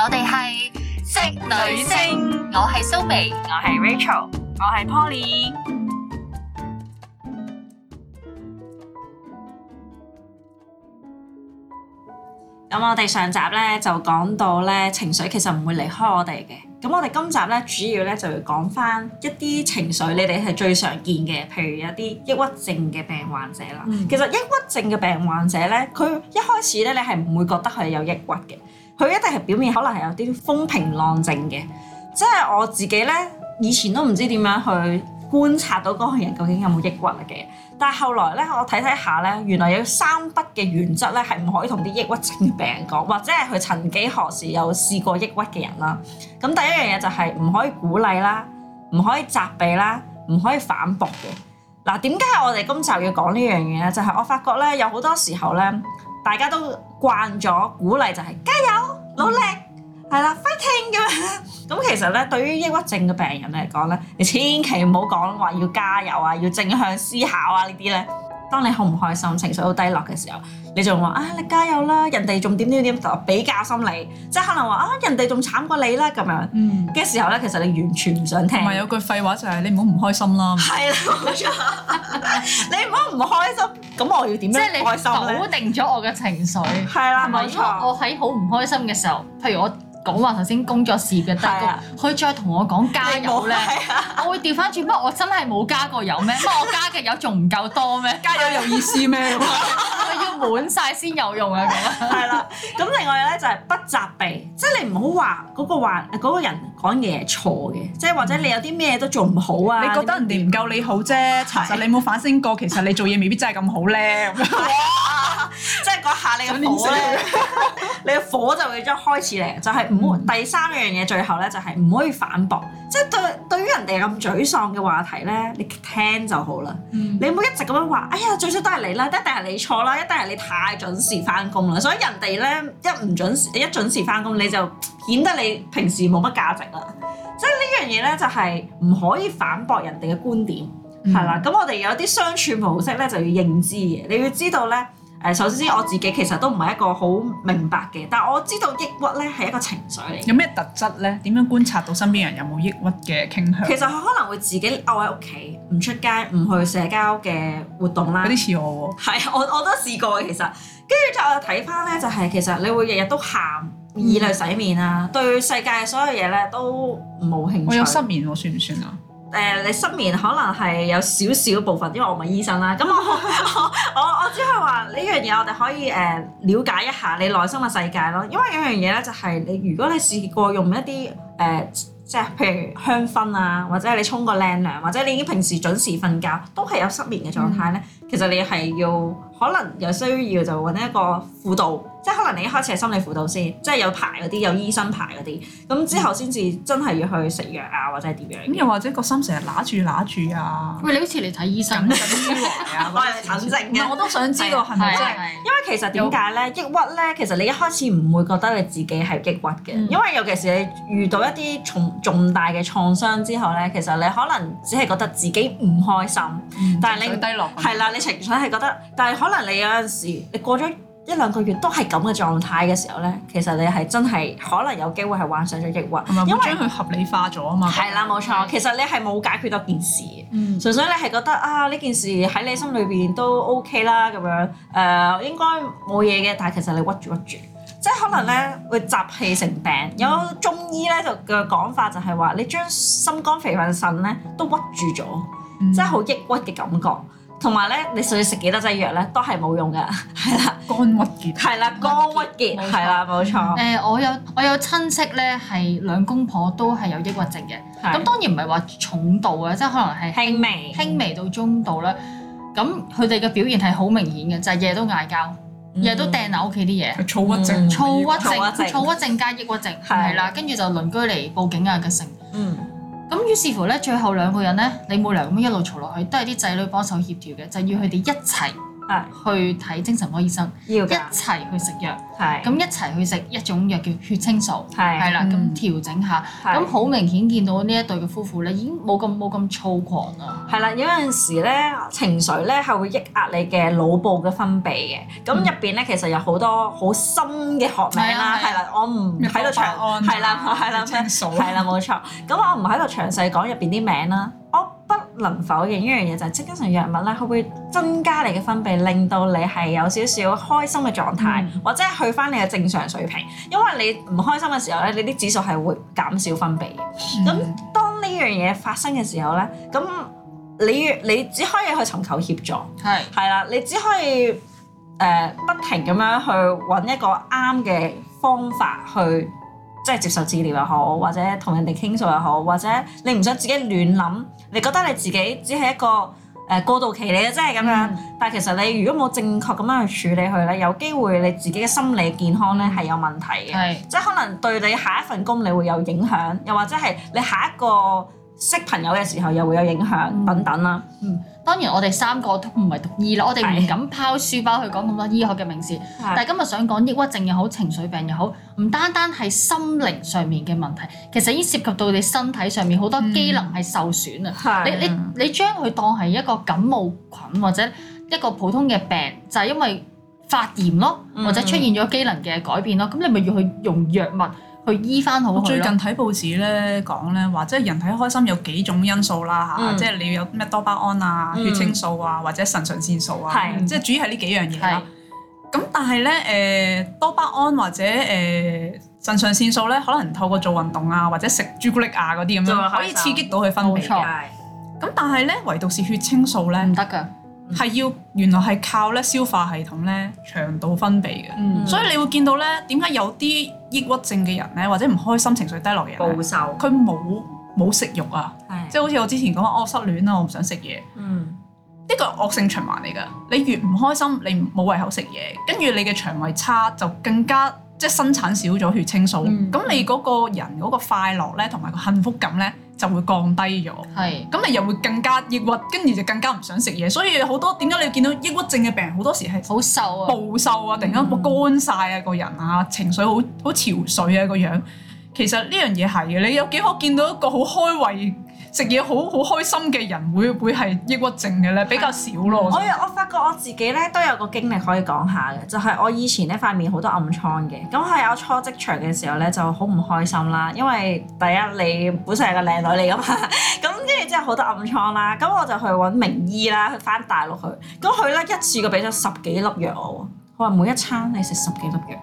我哋係職女聲，我係蘇眉，我係 Rachel，我係 Polly。咁我哋上集咧就講到咧情緒其實唔會離開我哋嘅。咁我哋今集咧主要咧就會講翻一啲情緒你哋係最常見嘅，譬如有啲抑鬱症嘅病患者啦。嗯、其實抑鬱症嘅病患者咧，佢一開始咧你係唔會覺得佢有抑鬱嘅。佢一定係表面可能係有啲風平浪靜嘅，即係我自己咧，以前都唔知點樣去觀察到嗰個人究竟有冇抑鬱嘅。但係後來咧，我睇睇下咧，原來有三不嘅原則咧，係唔可以同啲抑鬱症嘅病人講，或者係佢曾幾何時有試過抑鬱嘅人啦。咁第一樣嘢就係唔可以鼓勵啦，唔可以責備啦，唔可以反駁嘅。嗱、啊，點解我哋今集要講呢樣嘢咧？就係、是、我發覺咧，有好多時候咧。大家都慣咗鼓勵就係加油、努力，係啦 fighting 咁樣。咁 其實咧，對於抑鬱症嘅病人嚟講咧，你千祈唔好講話要加油啊、要正向思考啊呢啲咧。當你好唔開心、情緒好低落嘅時候，你仲話啊，你加油啦！人哋仲點點點，比較心理，即係可能話啊，人哋仲慘過你啦咁樣嘅、嗯、時候咧，其實你完全唔想聽。唔係有句廢話就係、是、你唔好唔開心啦。係啦，你唔好唔開心，咁我要點樣？即係你否定咗我嘅情緒。係啦，冇錯。我喺好唔開心嘅時候，譬如我。講話頭先工作事業嘅得，可以再同我講加油咧。我會調翻轉，乜我真係冇加過油咩？乜我加嘅油仲唔夠多咩？加油有意思咩？我要滿晒先有用啊！咁係啦。咁另外咧就係不責備，即係你唔好話嗰個話嗰個人講嘢係錯嘅，即係或者你有啲咩都做唔好啊？你覺得人哋唔夠你好啫？查實你冇反省過，其實你做嘢未必真係咁好叻。即係嗰下你火，準色 你嘅火咧，你嘅火就會將開始嚟。就係唔好第三樣嘢，最後咧就係、是、唔可以反駁。即、就、係、是、對對於人哋咁沮喪嘅話題咧，你聽就好啦。嗯、你唔好一直咁樣話，哎呀，最衰都係你啦，一定係你錯啦，一定係你太準時翻工啦。所以人哋咧一唔準時，一準時翻工，你就顯得你平時冇乜價值啦。即係呢樣嘢咧，就係、是、唔、就是、可以反駁人哋嘅觀點，係啦、嗯。咁我哋有啲相處模式咧，就要認知嘅，你要知道咧。誒，首先我自己其實都唔係一個好明白嘅，但係我知道抑鬱咧係一個情緒嚟。有咩特質咧？點樣觀察到身邊人有冇抑鬱嘅傾向？其實佢可能會自己踎喺屋企，唔出街，唔去社交嘅活動啦。有啲似我喎。係，我我都試過其實，跟住之後睇翻咧，就係、係、其實你會日日都喊，以淚洗面啦，對世界所有嘢咧都冇興趣。我有失眠喎，我算唔算啊？誒、呃，你失眠可能係有少少部分，因為我唔係醫生啦。咁我 我我，我只係話呢樣嘢，我哋可以誒、呃、了解一下你內心嘅世界咯。因為有一樣嘢咧，就係你如果你試過用一啲誒、呃，即係譬如香薰啊，或者你沖個靚涼，或者你已經平時準時瞓覺，都係有失眠嘅狀態咧。嗯、其實你係要可能有需要就搵一個輔導。即係可能你一開始係心理輔導師，即係有牌嗰啲，有醫生牌嗰啲，咁之後先至真係要去食藥啊，或者係點樣？咁又或者個心成日乸住乸住啊？喂，你好似嚟睇醫生咁衰啊？我係診症嘅。唔係，我都想知道係咪？因為其實點解咧？抑鬱咧，其實你一開始唔會覺得你自己係抑鬱嘅，因為尤其是你遇到一啲重重大嘅創傷之後咧，其實你可能只係覺得自己唔開心，但係你係啦，你情緒係覺得，但係可能你有陣時你過咗。一兩個月都係咁嘅狀態嘅時候呢，其實你係真係可能有機會係患上咗抑鬱，因為佢合理化咗啊嘛。係啦，冇錯。的其實你係冇解決到件事，嗯、純粹你係覺得啊呢件事喺你心裏邊都 OK 啦咁樣，誒、呃、應該冇嘢嘅，但係其實你屈住屈住，即係可能呢、嗯、會集氣成病。有中醫呢就嘅講法就係話，你將心肝脾肺腎呢都屈住咗，即係好抑鬱嘅感覺。同埋咧，你想要食幾多劑藥咧，都係冇用嘅，係啦。肝鬱結係啦，肝鬱結係啦，冇錯。誒，我有我有親戚咧，係兩公婆都係有抑鬱症嘅。咁當然唔係話重度呀，即係可能係輕微、輕微到中度啦。咁佢哋嘅表現係好明顯嘅，就係日日都嗌交，日日都掟喺屋企啲嘢。躁鬱症、躁鬱症、躁鬱症加抑鬱症，係啦，跟住就鄰居嚟報警啊嘅成。嗯。咁於是乎呢，最後兩個人呢，你冇理由咁一路嘈落去，都係啲仔女幫手協調嘅，就要佢哋一齊，去睇精神科醫生，要一齊去食藥，咁一齊去食一種藥叫血清素，係啦，咁調整下，咁好明顯見到呢一對嘅夫婦咧，已經冇咁冇咁躁狂啦。係啦，有陣時咧情緒咧係會抑壓你嘅腦部嘅分泌嘅，咁入邊咧其實有好多好深嘅學名啦，係啦，我唔喺度長安，係啦，係啦，血清素，係啦，冇錯，咁我唔喺度詳細講入邊啲名啦。能否用呢樣嘢就係精神藥物咧？會唔會增加你嘅分泌，令到你係有少少開心嘅狀態，嗯、或者去翻你嘅正常水平？因為你唔開心嘅時候咧，你啲指數係會減少分泌嘅。咁是的 當呢樣嘢發生嘅時候咧，咁你你只可以去尋求協助，係係啦，你只可以誒、呃、不停咁樣去揾一個啱嘅方法去。即係接受治療又好，或者同人哋傾訴又好，或者你唔想自己亂諗，你覺得你自己只係一個誒過渡期嚟嘅，即係咁樣。嗯、但係其實你如果冇正確咁樣去處理佢咧，有機會你自己嘅心理健康咧係有問題嘅，是 即係可能對你下一份工你會有影響，又或者係你下一個。識朋友嘅時候又會有影響、嗯、等等啦。嗯，當然我哋三個都唔係讀醫啦，是我哋唔敢拋書包去講咁多醫學嘅名詞。是但係今日想講抑鬱症又好，情緒病又好，唔單單係心靈上面嘅問題，其實已經涉及到你身體上面好多機能係受損啊。你你你將佢當係一個感冒菌或者一個普通嘅病，就係、是、因為發炎咯，或者出現咗機能嘅改變咯，咁、嗯嗯、你咪要去用藥物。佢醫翻好。我最近睇報紙咧講咧話，即係人體開心有幾種因素啦嚇，嗯、即係你要有咩多巴胺啊、血清素啊，嗯、或者腎上腺素啊，的即係主要係呢幾樣嘢咯。咁的但係咧，誒、呃、多巴胺或者誒呃、腎上腺素咧，可能透過做運動啊，或者食朱古力啊嗰啲咁樣，的可以刺激到佢分泌。冇錯。咁但係咧，唯獨是血清素咧，唔得㗎。係要原來係靠咧消化系統咧腸道分泌嘅。嗯、所以你會見到咧，點解有啲抑鬱症嘅人咧，或者唔開心情緒低落嘅人暴瘦，佢冇冇食慾啊，是即係好似我之前講話，哦，我失戀啊，我唔想食嘢，呢個，嗯、惡性循環嚟㗎。你越唔開心，你冇胃口食嘢，跟住你嘅腸胃差就更加即係生產少咗血清素，咁、嗯、你嗰個人嗰個快樂咧同埋個幸福感咧就會降低咗，咁你是又會更加抑鬱，跟住就更加唔想食嘢。所以好多點解你見到抑鬱症嘅病人好多時係好瘦啊、暴瘦啊，瘦啊，突然間乾晒啊個人啊，情緒好好憔悴啊個樣。其實呢樣嘢係嘅，你有幾可見到一個好開胃？食嘢好好開心嘅人會唔會係抑鬱症嘅咧？比較少咯。我我發覺我自己咧都有個經歷可以講下嘅，就係、是、我以前呢塊面好多暗瘡嘅。咁係我有初職場嘅時候咧就好唔開心啦，因為第一你本身係個靚女嚟㗎嘛，咁跟住之後好多暗瘡啦。咁我就去揾名醫啦，去返大陸去。咁佢咧一次過俾咗十幾粒藥我，佢話每一餐你食十幾粒藥。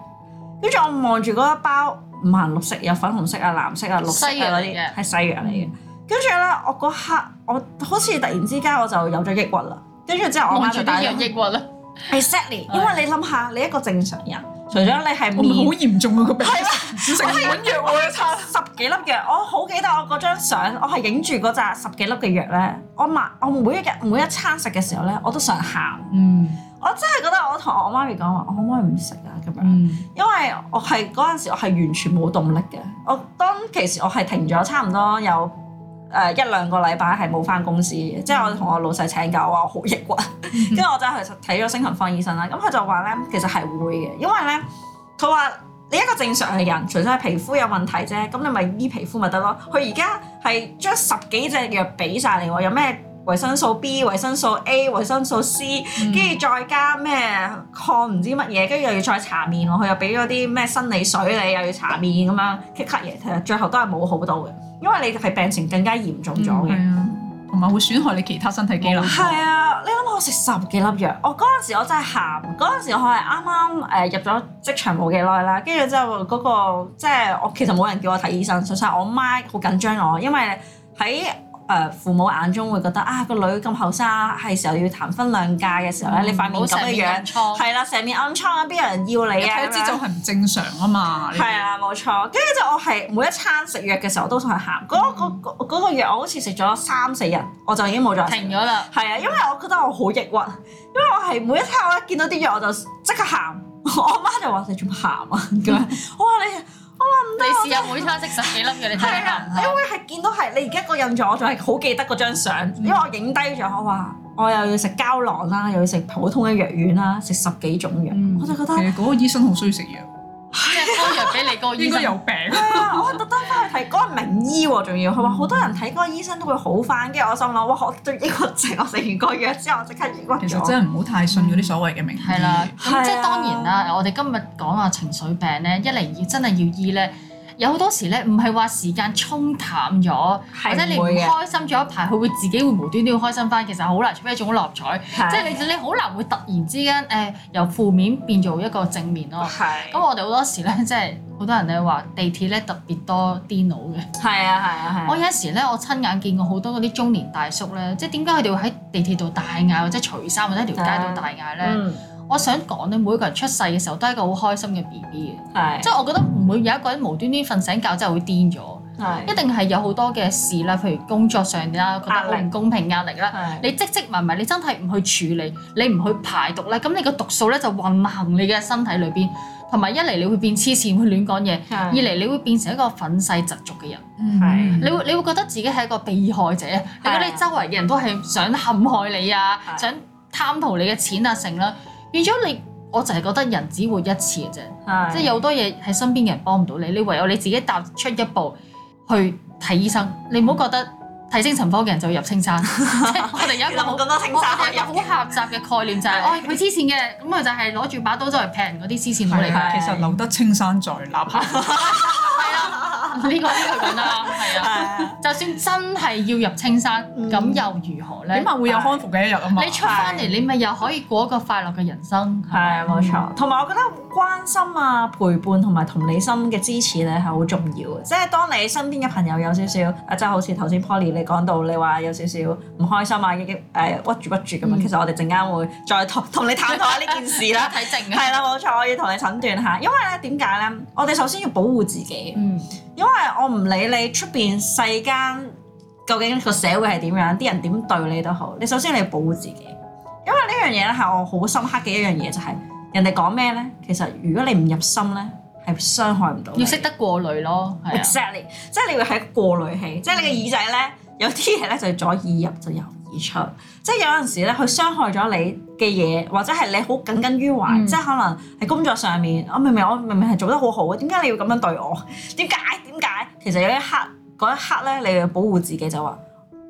跟住我望住嗰一包五顏六色，有粉紅色啊、藍色啊、綠色嘅嗰啲係西藥嚟嘅。跟住咧，我嗰刻我好似突然之間我就有咗抑鬱啦。跟住之後，我媽咪帶我。抑鬱啊？Exactly，因為你諗下，唉你一個正常人，除咗你係面好嚴重、那個個病，食緊藥，腋我一餐，十幾粒藥。 我好記得我嗰張相，我係影住嗰扎十幾粒嘅藥咧。我麻我每一日每一餐食嘅時候咧，我都想喊。嗯。我真係覺得我同我媽咪講話，我可唔可以唔食啊？咁樣，嗯、因為我係嗰陣時我係完全冇動力嘅。當時我當其實我係停咗差唔多有，誒、呃、一兩個禮拜係冇翻公司嘅，嗯、即係我同我老細請假話我好抑鬱。跟住、嗯、我就去睇咗星恒方醫生啦。咁佢就話咧，其實係會嘅，因為咧，佢話你一個正常嘅人，除咗係皮膚有問題啫，咁你咪醫皮膚咪得咯。佢而家係將十幾隻藥俾晒你喎，有咩維生素 B、維生素 A、維生素 C，跟住再加咩抗唔知乜嘢，跟住又要再搽面喎，佢又俾咗啲咩生理水你，又要搽面咁樣，咳咳嘢，其實最後都係冇好到嘅。因為你係病情更加嚴重咗嘅、嗯，同埋、啊、會損害你其他身體機能。係啊，你諗下我食十幾粒藥，我嗰陣時我真係喊。嗰陣時我係啱啱誒入咗職場冇幾耐啦，跟住之後嗰、嗰個即係我其實冇人叫我睇醫生，全部係我媽好緊張我，因為喺。誒父母眼中會覺得啊個女咁後生，係時候要談婚論嫁嘅時候咧，嗯、你塊面咁嘅樣，樣，係啦，成面暗瘡，邊有人要你啊？知道就係唔正常啊嘛，係啊，冇們錯。跟住就我係每一餐食藥嘅時候我都想佢喊，嗰嗰、嗯、個藥我好似食咗三四日，我就已經冇再，停咗了啦。係啊，因為我覺得我好抑鬱，因為我係每一餐我一見到啲藥我就即刻喊， 我阿媽，媽就話 你做咩喊啊咁，我話你。 你試下每餐食十幾粒嘅，你睇下。你會係見到係你而家個印象，我仲係好記得嗰張相，嗯、因為我影低咗。我話我又要食膠囊啦，又要食普通嘅藥丸啦，食十幾種藥，嗯、我就覺得。其實嗰個醫生好需要食藥。係啊，個藥俾你個醫生， 應該有病、 啊。我特登翻去睇嗰個名醫喎，仲要佢話好多人睇嗰個醫生都會好翻，跟住我心諗，哇！我對呢個病，我食完個藥之後，我即刻癡昏咗。其實真係唔好太信嗰啲所謂嘅名醫。係啦、嗯，咁 是、啊嗯、即係當然啦。我哋今日講話情緒病咧，一嚟要真係要醫咧。有好多時咧，唔係話時間沖淡咗，或者你唔開心咗一排，佢會自己會無端端開心翻。其實好難出一種樂彩，即係的你你好難會突然之間誒、呃、由負面變做一個正面咯。咁的我哋好多時咧，即係好多人咧話地鐵咧特別多癲佬嘅。係啊，係啊，係我有時咧，我親眼見過好多嗰啲中年大叔咧，即係點解佢哋會喺地鐵度大嗌，或者除衫或者一條街度大嗌咧？我想講咧，每個人出世嘅時候都係一個好開心嘅 B B 嘅，即係我覺得唔會有一個人無端端瞓醒覺之後會癲咗，是的 一定係有好多嘅事啦，譬如工作上啦，覺得好唔公平，壓力啦，你積積埋埋，你真係唔去處理，你唔去排毒咧，咁你個毒素咧就運行你嘅身體裏邊，同埋一嚟你會變黐線，會亂講嘢；是的 二嚟你會變成一個憤世嫉俗嘅人，你會你會覺得自己係一個被害者，你覺得你周圍嘅人都係想陷害你啊是的，想貪圖你嘅錢啊，成啦。變咗你，我就係覺得人只活一次嘅啫，的即係有好多嘢喺身邊嘅人幫唔到你，你唯有你自己踏出一步去睇醫生。你唔好覺得睇精神科嘅人就入青山， 我哋有一個好咁多青山我，好狹窄嘅概念就係、是、 的哦，佢黐線嘅，咁佢就係攞住把刀就嚟劈人嗰啲黐線佬嚟。其實留得青山在，哪怕係啊。呢個呢個講得啱，係啊！就算真係要入青山，咁、嗯、又如何咧？起碼會有康復嘅一日啊嘛！ 你出翻嚟，你咪又可以過一個快樂嘅人生。係啊，冇 錯。同埋 我覺得。關心啊、陪伴同埋同理心嘅支持咧，係好重要嘅。即係當你身邊嘅朋友有少少，啊、嗯，即係好似頭先 Polly 你講到，你話有少少唔開心啊，已經誒屈住屈住咁樣。嗯、其實我哋陣間會再同同你探討下呢件事啦，睇症係啦，冇錯，我要同你診斷下，因為咧點解咧？我哋首先要保護自己，嗯、因為我唔理你出邊世間究竟個社會係點樣，啲人點對你都好。你首先你要保護自己，因為呢樣嘢咧係我好深刻嘅一樣嘢，就係、是。人哋講咩咧？其實如果你唔入心咧，係傷害唔到。要識得過濾咯、啊、exactly，即係你會喺過濾器，mm. 即係你嘅耳仔咧，有啲嘢咧就左耳入就右耳出，即係有陣時咧佢傷害咗你嘅嘢，或者係你好耿耿於懷，mm. 即係可能喺工作上面，我明明我明明係做得好好，點解你要咁樣對我？點解？點解？其實有一刻嗰一刻咧，你要保護自己就話。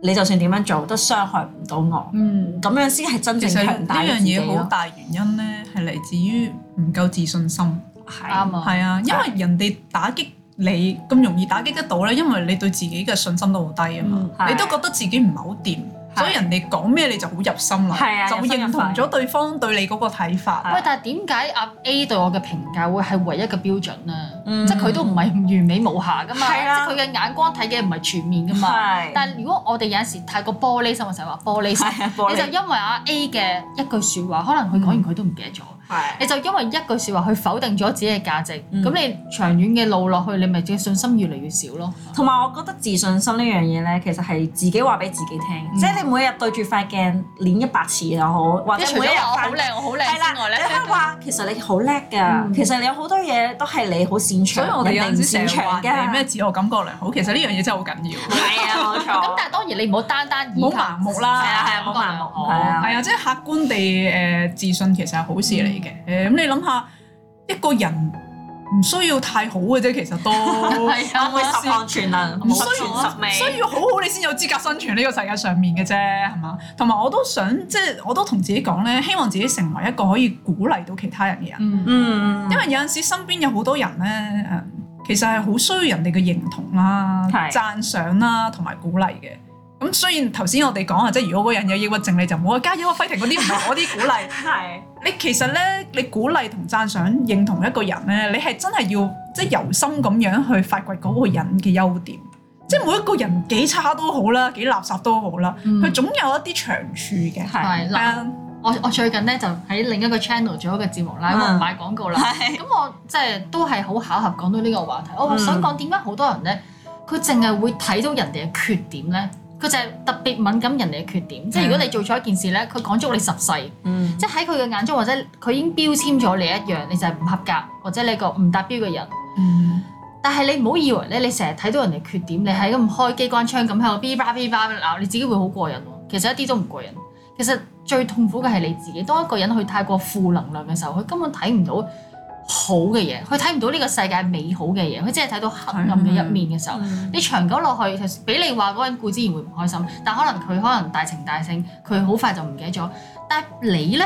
你就算點樣做，都傷害唔到我。嗯，咁樣先係真正強大自己咯。呢樣嘢好大原因咧，係嚟自於唔夠自信心。啱啊，係啊，因為人哋打擊你咁、嗯、容易打擊得到咧，因為你對自己嘅信心都好低啊嘛，嗯、對你都覺得自己唔係好掂。所以人哋講咩你就好入心啦，啊、就認同咗對方對你嗰個睇法。喂、啊，啊、但係點解阿 A 對我嘅評價會係唯一嘅標準啊？嗯、即係佢都唔係完美無瑕噶嘛，啊、即佢嘅眼光睇嘅唔係全面噶嘛。啊、但係如果我哋有陣時太過玻璃心，我成日話玻璃心，啊、璃你就因為阿 A 嘅一句說話，可能佢講完佢都唔記得咗。嗯你就因為一句説話去否定咗自己嘅價值，咁你長遠嘅路落去，你咪自信心越嚟越少咯。同埋我覺得自信心呢樣嘢咧，其實係自己話俾自己聽，即係你每日對住塊鏡練一百次又好，或者每日好靚，我好靚之外咧，你都話其實你好叻㗎。其實你有好多嘢都係你好擅長，所以我哋有唔擅長嘅。你咩自我感覺良好？其實呢樣嘢真係好緊要。係啊，咁但係當然你唔好單單唔好盲目啦，係啊係啊，唔好盲目，係啊，即係客觀地誒自信其實係好事嚟。誒，咁、嗯、你諗下，一個人唔需要太好嘅啫，其實都唔會 十項全能，唔需要， 需要好好你先有資格生存呢個世界上面嘅啫，係嘛？同埋 我都想，即、就、係、是、我都同自己講咧，希望自己成為一個可以鼓勵到其他人嘅人，嗯，因為有陣時身邊有好多人咧，誒，其實係好需要人哋嘅認同啦、啊、讚賞啦，同埋、啊、鼓勵嘅。咁雖然頭先我哋講啊，即係如果嗰人有抑鬱症，你就唔好加一個 fighting 嗰啲，唔係 我啲鼓勵。係 是你其實咧，你鼓勵同讚賞認同一個人咧，你係真係要即係由心咁樣去發掘嗰個人嘅優點。即係每一個人幾差都好啦，幾垃圾都好啦，佢、嗯、總有一啲長處嘅。係嗱，嗯嗯、我我最近咧就喺另一個 channel 做一個節目啦，唔買廣告啦。咁、嗯，我即係都係好巧合講到呢個話題。我、嗯、想講點解好多人咧，佢淨係會睇到人哋嘅缺點咧？佢就係特別敏感人哋嘅缺點，即係如果你做錯一件事咧，佢講足你十世，即係喺佢嘅眼中或者佢已經標籤咗你一樣，你就係唔合格或者你個唔達標嘅人。但係你唔好以為咧，你成日睇到人哋缺點，你係咁開機關槍咁喺度，嗶吧嗶吧嗱，你自己會好過癮喎？其實一啲都唔過癮。其實最痛苦嘅係你自己，當一個人去太過負能量嘅時候，佢根本睇唔到。好嘅嘢，佢睇唔到呢個世界美好嘅嘢，佢真係睇到黑暗嘅一面嘅時候，你長久落去，俾你話嗰個人固然會唔開心，但可能佢可能大情大性，佢好快就唔記得咗。但係你呢，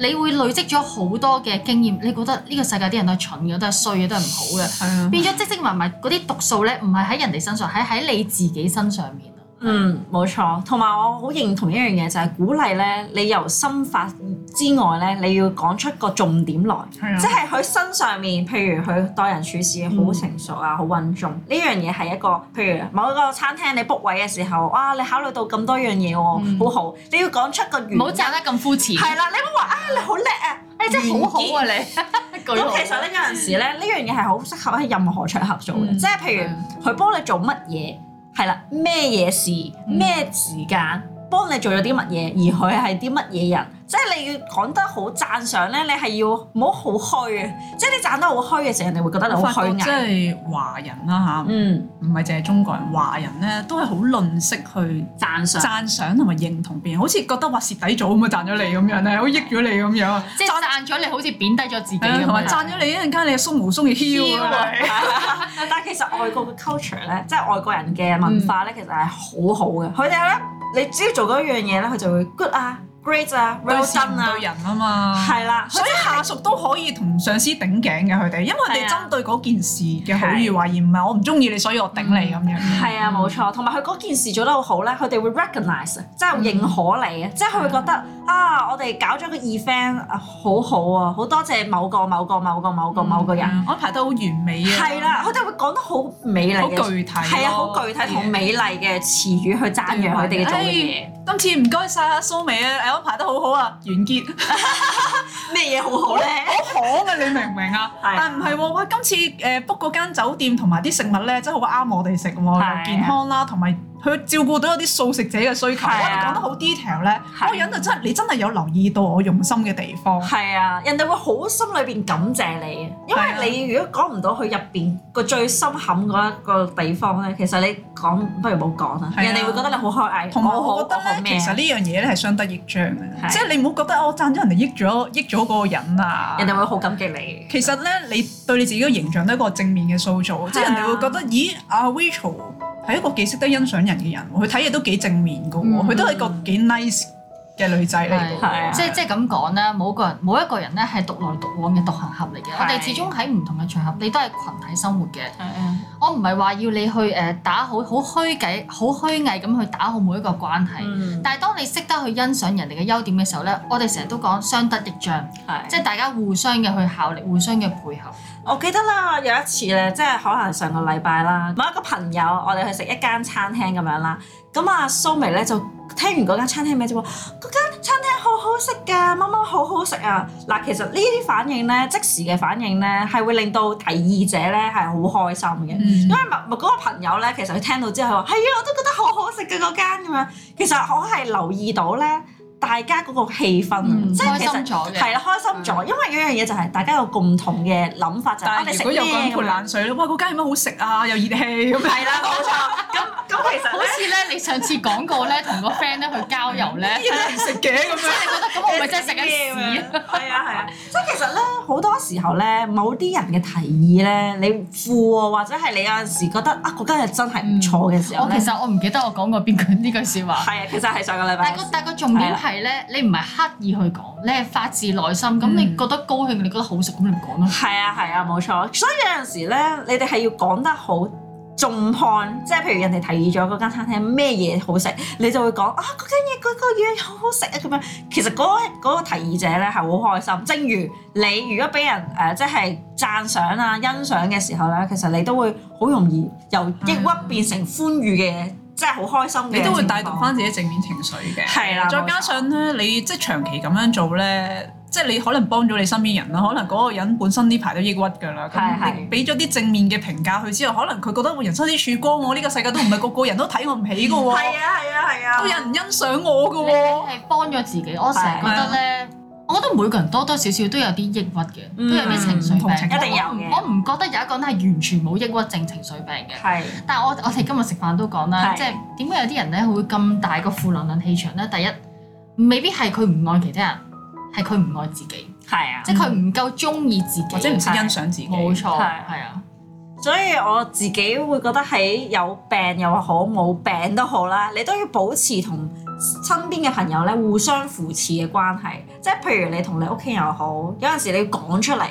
你會累積咗好多嘅經驗，你覺得呢個世界啲人都係蠢嘅，都係衰嘅，都係唔好嘅，的變咗積積埋埋嗰啲毒素呢，唔係喺人哋身上，喺喺你自己身上面。嗯，冇錯，同埋我好認同一樣嘢，就係、是、鼓勵咧。你由心法之外咧，你要講出個重點來，的即係佢身上面，譬如佢待人處事好、嗯、成熟啊，好穩重。呢樣嘢係一個，譬如某個餐廳你 book 位嘅時候，哇！你考慮到咁多樣嘢喎，好、嗯、好。你要講出個唔好，讚得咁膚淺。係啦，你唔、哎、好話啊，、哎嗯、啊，你 好叻啊，你真係好好啊你。咁其實咧，有陣時咧，呢樣嘢係好適合喺任何場合做嘅，嗯嗯、即係譬如佢幫你做乜嘢。係啦，咩嘢事，咩時間？幫你做咗啲乜嘢，而佢係啲乜嘢人？即係你要講得好讚賞咧，你係要唔好好虛嘅。即係你讚得好虛嘅時候，人哋會覺得你好虛。我發覺即係華人啦、啊、嚇，唔係淨係中國人，華人咧都係好吝嗇去讚賞、讚賞同埋認同別人，好似覺得話蝕底咗咁啊，讚咗你咁樣咧，好的益咗你咁樣啊，即係讚咗你好似貶低咗自己的，同埋讚咗你一陣間你又鬆毛鬆翼，但係其實外國嘅 culture 咧，即係外國人嘅文化咧，其實係好好嘅，佢哋咧。你只要做嗰一樣嘢咧，佢就會 good 啊！great 啊 respect 啊，對事唔對人啊嘛，係啦，所以下屬都可以同上司頂頸嘅佢哋，因為佢哋針對嗰件事嘅好與壞的而唔係我唔中意你，所以我頂你咁、嗯、樣。係啊，冇錯，同埋佢嗰件事做得好好咧，佢哋會 recognize 即係認可你，嗯、即係佢會覺得、嗯、啊，我哋搞咗個 event 好好啊，好多謝某個某個某個某個某個人、嗯嗯、安排得好完美啊。係啦，佢哋會講得好美麗好具體嘅，係啊，好具體同美麗嘅詞語去讚揚佢哋嘅做嘅今次唔該晒阿蘇眉啊，安排得好好啊，完結咩嘢 好， 好好咧？好好，啊，你明唔明啊？但唔係喎，哇、啊啊！今次誒 book 嗰間酒店同埋啲食物咧，真係好啱我哋食喎，又、啊、健康啦、啊，同埋。佢照顧到一啲素食者嘅需求，我哋、啊、講得好 detail 咧，嗰、啊、個人就真係你真係有留意到我用心嘅地方。係啊，人哋會好心裏邊感謝你，因為你如果講唔到佢入邊個最深冚嗰一個地方咧，其實你講不如冇講啦，啊、人哋會覺得你好虛偽。同我覺得咧，我我我其實呢樣嘢咧係相得益彰嘅，即係、啊、你唔好覺得我讚咗人哋益咗益咗嗰個人啊，人哋會好感激你。其實咧，你對你自己嘅形象都一個正面嘅塑造，啊、即係是人哋會覺得咦阿 Rachel。啊係一個幾識得欣賞人嘅人，佢睇嘢都幾正面嘅喎，佢、嗯、都係一個幾 nice 嘅女仔嚟嘅。即係即係咁講咧，每一個人，每一個人咧係獨來獨往嘅獨行俠嚟嘅。是我哋始終喺唔同嘅場合，你都係群體生活嘅。啊、我唔係話要你去誒打好好虛偽、好虛偽咁去打好每一個關係。嗯、但係當你識得去欣賞人哋嘅優點嘅時候咧，我哋成日都講相得益彰，即係是是大家互相嘅去效力、互相嘅配合。我記得啦，有一次咧，即係可能上個禮拜啦，某一個朋友，我哋去食一間餐廳咁樣啦。咁、啊、阿蘇眉咧就聽完嗰間餐廳咩就話，嗰間餐廳好好食㗎，乜乜好好食啊！嗱，其實呢啲反應咧，即時嘅反應咧，係會令到提議者咧係好開心嘅，嗯、因為物嗰個朋友咧，其實佢聽到之後話係啊，我都覺得好好食㗎嗰間咁樣。其實我係留意到咧。大家嗰個氣氛，即係其實係啦，開心咗，因為有樣嘢就係大家有共同嘅諗法就係，我哋食咩冷水。哇！嗰間有咩好食啊？又熱氣咁樣。係啦，冇錯。咁咁其實好似咧，你上次講過咧，同個 friend 咧去郊遊咧，唔食嘅咁樣。你係覺得咁我咪真係食緊屎。係啊係啊，即係其實咧好多時候咧，某啲人嘅提議咧，你負，或者係你有陣時覺得啊，嗰間係真係唔錯嘅時候。其實我唔記得我講過邊句呢句説話。係啊，其實係上個禮拜。但係個重點係。係咧，你唔係刻意去講，你係發自內心。咁、嗯、你覺得高興，你覺得好食，咁你講咯。係啊，係啊，冇錯。所以有陣時咧，你哋係要講得好重判，即係譬如人哋提議咗嗰間餐廳咩嘢好食，你就會講啊，嗰間嘢嗰個嘢好好食啊，咁樣。其實嗰個提議者咧係好開心。正如你如果俾人誒即係讚賞啊、欣賞嘅時候咧，其實你都會好容易由抑鬱變成歡愉嘅。真係好開心嘅，你都會帶動翻自己正面情緒嘅。係啦的，再加上咧，錯你即係長期咁樣做咧，即係你可能幫咗你身邊人啦。可能嗰個人本身呢排都抑鬱㗎啦，咁的你俾咗啲正面嘅評價佢之後，可能佢覺得人生啲曙光，我呢的個世界都唔係個個人都睇我唔起㗎喎。係啊，係啊，係啊，都有人欣賞我㗎喎。你係幫咗自己，我成日覺得咧。我覺得每個人多多少少都有啲抑鬱嘅，嗯、都有啲情緒病。同情 一定有嘅。我唔覺得有一個人係完全冇抑鬱症、情緒病嘅。係是。但係我我哋今日食飯都講啦，是即係點解有啲人咧會咁大個負能量氣場咧？第一未必係佢唔愛其他人，係佢唔愛自己。係啊，即係佢唔夠鍾意自己，嗯、或者唔識欣賞自己。冇錯錯，係是啊。所以我自己會覺得喺有病又好，冇病都好啦，你都要保持同。身邊嘅朋友咧，互相扶持嘅關係，即係譬如你同你屋企人又好，有陣時你要講出嚟，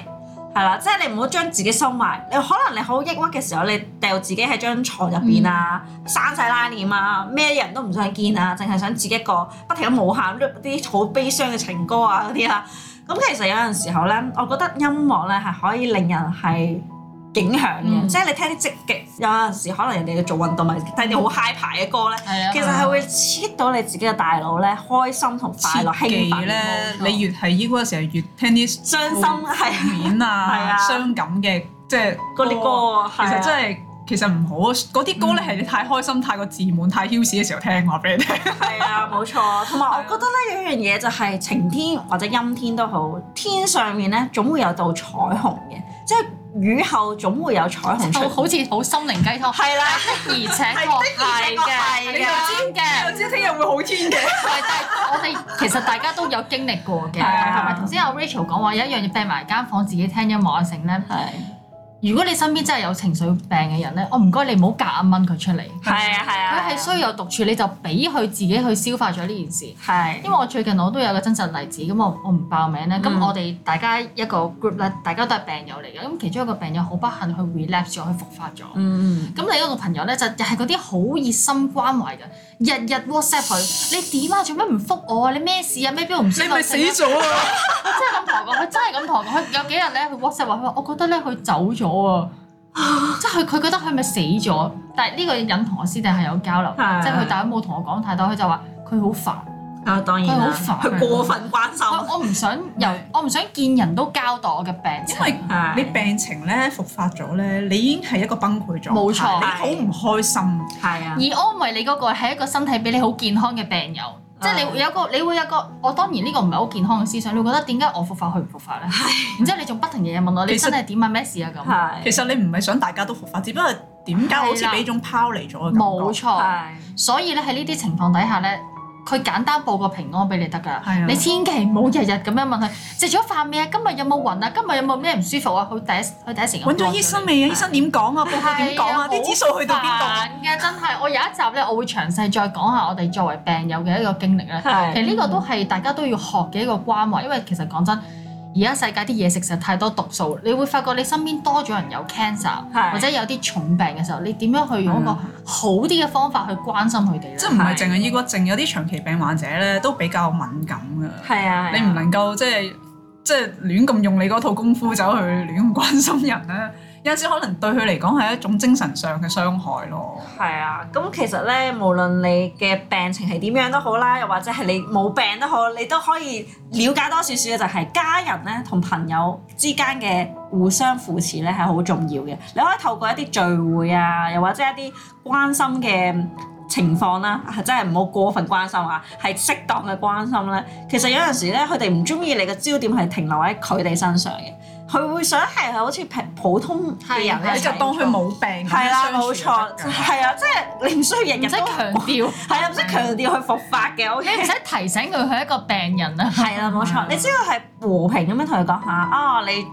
係啦，即係你唔好將自己收埋。你可能你好抑鬱嘅時候，你掉自己喺張床入邊啊，閂晒拉鏈啊，咩人都唔想見啊，淨係想自己一個不停咁無限錄啲好悲傷嘅情歌啊嗰啲啊。咁其實有陣時候咧，我覺得音樂咧係可以令人係。影響嘅，嗯、即係你聽啲積極，有陣時可能人哋做運動咪聽啲好嗨牌嘅歌咧， 其實係會 hit 到你自己嘅大腦咧，開心同快樂。例咧，你越係呢個時候，越聽啲傷心、係啊、傷、 啊、感嘅，即係嗰啲歌，其實真係、啊。其實唔好，嗰啲歌咧係你太開心、太過自滿、太驕傲嘅時候聽話俾你聽。係啊，冇錯。同埋我覺得咧有一樣嘢就係晴天或者陰天都好，天上面咧總會有道彩虹嘅，即係雨後總會有彩虹出，好似好心靈雞湯。係啦，而且確係嘅，你又知嘅，又知聽日會好天嘅。係，但係我哋其實大家都有經歷過嘅，係咪？同頭先 Rachel 講話有一樣嘢，訂埋間房自己聽音樂成咧。係。如果你身邊真係有情緒病嘅人咧，我唔該你唔好夾硬掹佢出嚟。係啊係啊，佢係、啊、需要有獨處，你就俾佢自己去消化咗呢件事。係、啊，因為我最近我都有個真實例子，咁我我唔爆名咧。咁、嗯、我哋大家一個 group 咧，大家都係病友嚟嘅。咁其中一個病友好不幸去 relapse 咗，去復發咗。嗯嗯，咁另一個朋友咧就又係嗰啲好熱心關懷嘅。日日 WhatsApp 佢，你點啊？做咩唔覆我是是啊？你咩事啊？咩都唔識你咪死咗啊！佢真係咁同我講，佢真係咁同我講。佢有幾日咧，佢 WhatsApp 話，我覺得咧，佢走咗啊！ 即係佢，佢覺得佢咪死咗。但係呢個人同我師弟係有交流，即係佢大家冇同我講太多。佢就話佢好煩。啊，當然啦，佢過分關心。我唔想由，我唔想見人都交代我嘅病，因為你病情咧復發咗咧，你已經係一個崩潰咗，冇錯，你好唔開心。係啊，而安慰你嗰個係一個身體比你好健康嘅病友，即係你有個，你會有個。我當然呢個唔係好健康嘅思想，你會覺得點解我復發佢唔復發咧？然之後你仲不停日日問我你身體點啊？咩事啊？咁。其實你唔係想大家都復發，只不過點解好似俾一種拋離咗嘅感覺。冇錯，所以咧喺呢啲情況底下咧。佢簡單報個平安俾你得㗎，的你千祈唔好日日咁樣問佢食咗飯未啊，今日有冇暈啊，今日有冇咩唔舒服啊？佢第一佢第，第一時間揾咗醫生未啊？的醫生點講啊？報告點講啊？啲指數去到邊度？難嘅真係，我有一集咧，我會詳細再講下我哋作為病友嘅一個經歷咧。的其實呢個都係大家都要學嘅一個關懷，因為其實講真。嗯而家世界啲嘢食實太多毒素，你會發覺你身邊多咗人有 cancer，是或者有啲重病嘅時候，你點樣去用一個好啲嘅方法去關心佢哋咧？啊啊啊啊、即係唔係淨係抑鬱症，有啲長期病患者咧都比較敏感㗎。係啊，啊你唔能夠即係即係亂咁用你嗰套功夫走去亂咁關心人咧。有陣時可能對佢嚟講係一種精神上嘅傷害咯。係啊，咁其實咧，無論你嘅病情係點樣都好啦，又或者係你冇病都好，你都可以了解多少少嘅就係家人咧同朋友之間嘅互相扶持咧係好重要嘅。你可以透過一啲聚會啊，又或者一啲關心嘅情況啦、啊，係、啊、真係唔好過分關心啊，係適當嘅關心咧。其實有陣時咧，佢哋唔中意你嘅焦點係停留喺佢哋身上嘅。佢會想係好似普通嘅人咧，你就當佢冇病。係啦，冇錯，係啊，即係你唔需要日日強調，係啊，唔使強調去復發嘅。你唔使提醒佢佢係一個病人啊。係啊，冇錯。你只要係和平咁樣同佢講下啊，你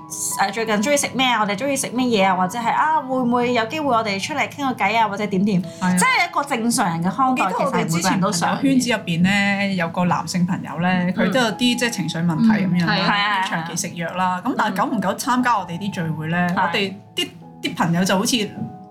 誒最近中意食咩啊？我哋中意食乜嘢啊？或者係啊，會唔會有機會我哋出嚟傾個偈啊？或者點點？即真係一個正常人嘅康復。我哋之前都想，圈子入邊咧有個男性朋友咧，佢都有啲即係情緒問題咁樣，長期食藥啦。咁但係久唔久，參加我哋啲聚會咧，是的 我哋啲啲朋友就好似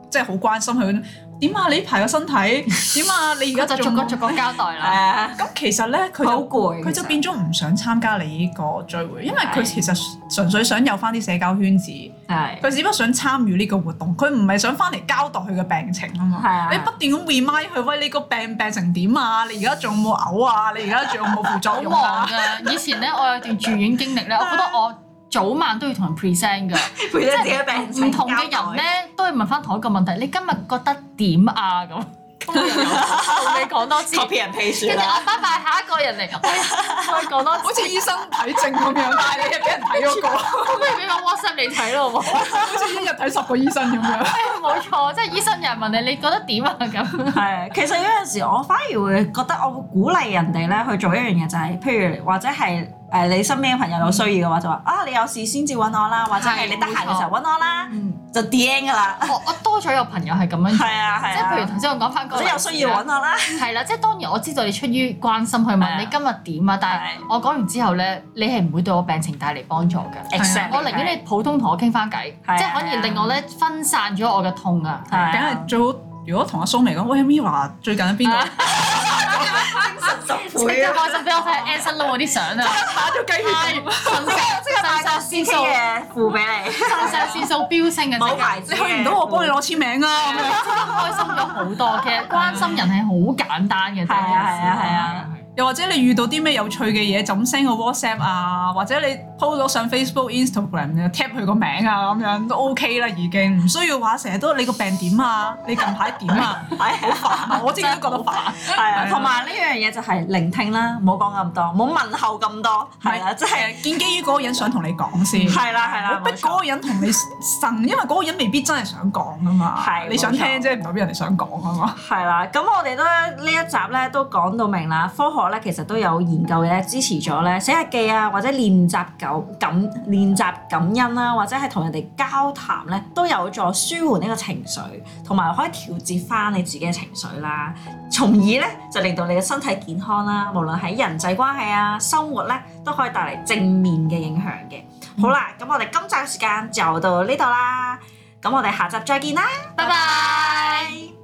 即係好關心佢點啊？你呢排個身體點啊？你而家 就逐個逐個交代啦。咁、 嗯、其實咧，佢好攰，佢累就變咗唔想參加你呢個聚會，因為佢其實純粹想有翻啲社交圈子。係佢是的 只不過想參與呢個活動，佢唔係想翻嚟交代佢嘅病情啊嘛。係啊，你不斷咁 remind 佢喂，你個病病成點啊？你而家仲有冇嘔啊？你而家仲有冇副作用？好忙啊！ 以前咧，我有段住院經歷咧，我覺得我。 早晚都要同人 present 㗎，即係唔同嘅人咧，代都要問翻同一個問題。你今日覺得點啊？咁我未講多次。 人哋阿伯拜下一個人嚟，再講 多次， 好似醫生睇症咁樣， 但係你又俾人睇嗰、那個，可唔可以俾個 WhatsApp 你睇咯？好似一日睇十個醫生咁樣，冇、 哎、錯，即係醫生又問你，你覺得點啊？咁係，其實有陣時我反而會覺得，我會鼓勵人哋咧去做一樣嘢，就係譬如或者係。誒，你身邊嘅朋友有需要嘅話，就話啊，你有事先至揾我啦，或者係你得閒嘅時候揾我啦，就 done 㗎啦。我我多咗個朋友係咁樣，即係譬如頭先我講翻嗰個，即係有需要揾我啦。係啦，即係當然我知道你出於關心去問你今日點啊，但係我講完之後咧，你係唔會對我病情帶嚟幫助嘅 Exactly,、啊。我寧願你普通同我傾翻偈，啊啊、即係可以令我咧分散咗我嘅痛啊。梗係最好，如果同阿蘇嚟講，喂 m i 最近喺邊度？超開心，俾我睇 Anson Lo 嗰啲相啊！打到雞雞，新新新新新嘅褲俾你，新新新數飆升啊！冇牌子，你去唔到我幫你攞簽名啊！開心咗好多，其實關心人係好簡單嘅，真係。係啊係啊係啊！又或者你遇到啲咩有趣嘅嘢，就咁 send 個 WhatsApp 啊，或者你 post 咗上 Facebook、Instagram，tap 佢個名啊，咁樣都 OK 啦，已經唔需要話成日都你個病點啊，你近排點啊，好煩，我自己都覺得煩，係啊，同埋呢樣嘢就係聆聽啦，唔好講咁多，冇問候咁多，係啊，即係建基於嗰個人想同你講先，係啦係啦，唔好逼嗰個人同你神，因為嗰個人未必真係想講啊嘛，你想聽啫，唔代表人哋想講啊嘛，係啦，咁我哋都呢一集咧都講到明啦，科學。咧其實都有研究嘅支持咗咧，寫日記啊，或者練習感感練習感恩啦、啊，或者係同人哋交談咧、啊，都有助舒緩呢個情緒，同埋可以調節返你自己嘅情緒啦。從而咧就令到你嘅身體健康啦、啊，無論喺人際關係啊、生活咧、啊，都可以帶嚟正面嘅影響嘅。嗯、好啦，咁我哋今集嘅時間就到呢度啦，咁我哋下集再見啦，拜拜。